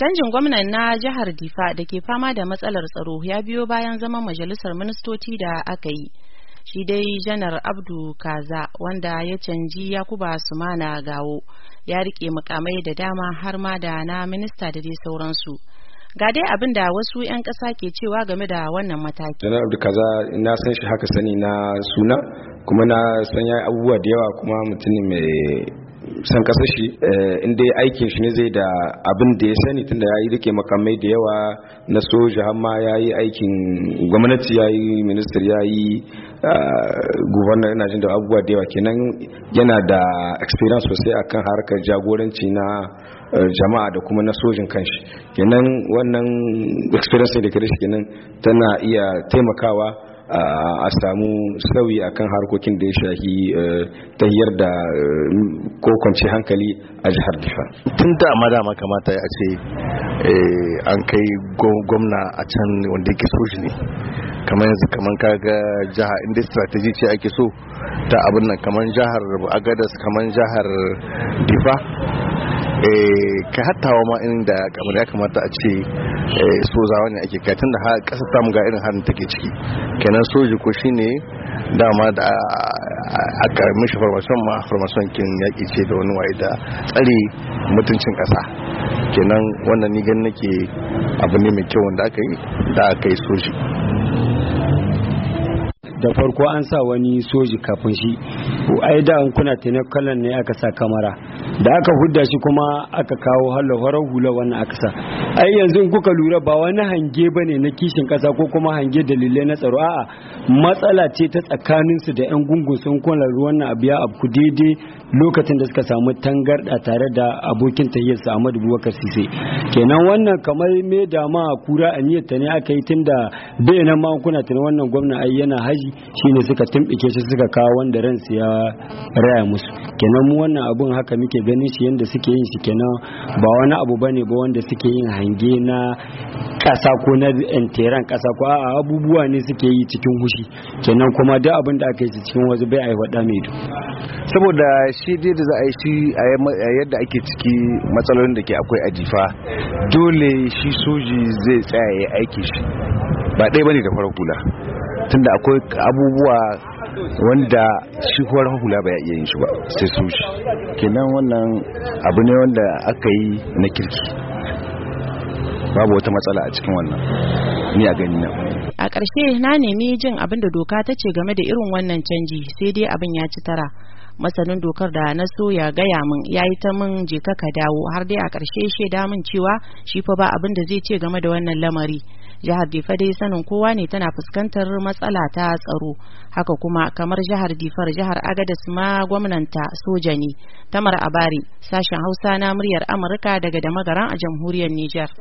Canjin gwamnan na jihar Difa da ke fama da matsalar tsaro ya biyo bayan zaman majalisar ministoci da aka yi. Shi dai janar Abdu Kaza wanda ya canji Yakuba Sumana Gawo ya rike mukamai da dama har ma da na minista da dai sauransu. Ga dai abin da wasu 'yan kasa ke cewa game da wannan mataki. Janar Abdu Kaza na san shi haka sani na suna kuma na san ya abubuwa da yawa kuma mutum mai san kasar shi eh, in dai aikin shi ne zai da abin da ya sani tunda ya yi rike makamai da yawa na soja amma ya yi aikin gwamnati ya yi minister ya yi ah, gubernar yana jin da abubuwa da yawa kenan yana da experience sosai akan harkar jagoranci na eh, jama'a da kuma na sojin kanshi kenan wannan experience da kira shi kenan tana iya taimakawa a samu sauyi a kan harkokin da ya shahi e, hiyar da e, ko kwanci hankali a jihar difa tun da madama kamata ya ce e, an kai gwamna a can wanda yake soji ne kamar yanzu kamar kaga jiha inda strategy ce ake so ta abin nan kamar jihar agadas kamar jihar difa ka wa ma'in da kamar ya kamata a ce eh, sozawa ne ake katin da kasar tamu ga irin harin take ciki kenan soji ko shine dama da a karamin shi farmashon ma farmashon kin yaƙi ce da wani waye da tsari mutuncin ƙasa kenan wannan ni gan nake abu ne mai kyau wanda aka yi da aka yi soji da farko an sa wani soji kafin shi ai da kuna tenekalan ne aka sa kamara da aka hudda shi kuma aka kawo halawarar hula wannan aka sa ai yanzu in kuka lura ba wani hange bane na kishin kasa ko kuma hange dalilai na tsaro a'a matsala ce ta tsakaninsu da 'yan gungun sun kwanar ruwan na abu a lokacin da suka samu tangarda tare da abokin tahiyar su Ahmadu Bubakar Sise kenan wannan kamar me dama a kura niyyar ta ne aka yi tun da bai nan makuna tun wannan gwamna ai yana haji shine suka tumbike shi suka kawo wanda ransu ya raya musu kenan mu wannan abun haka muke ganin shi yanda suke yin shi kenan ba wani abu bane ba wanda suke yin hange na kasa ko na enteran kasa ko a'a abubuwa ne suke yi cikin hushi shi kenan kuma duk abin da aka yi cikin wasu bai a yi wada mai saboda shi dai da za a yi shi a yadda ake ciki matsalolin da ke akwai a jifa dole shi soji zai tsaya ya aiki shi ba ɗaya bane da farar hula tunda akwai abubuwa wanda shi kuwar hula ba ya iya yin shi ba sai su kenan wannan abu ne wanda aka yi na kirki babu wata matsala a cikin wannan ni a gani na a ƙarshe na nemi jin abin da doka ta ce game da irin wannan canji sai dai abin ya ci tara masanin dokar da na so ya gaya min ya yi ta min je ka dawo har dai a ƙarshe shaida min cewa shi fa ba abin da zai ce game da wannan lamari jihar difa dai sanin kowa ne tana fuskantar matsala ta tsaro haka kuma kamar jihar difar jihar agadas ma gwamnanta soja ne tamar abari sashen hausa na muryar amurka daga damagaran a jamhuriyar nijar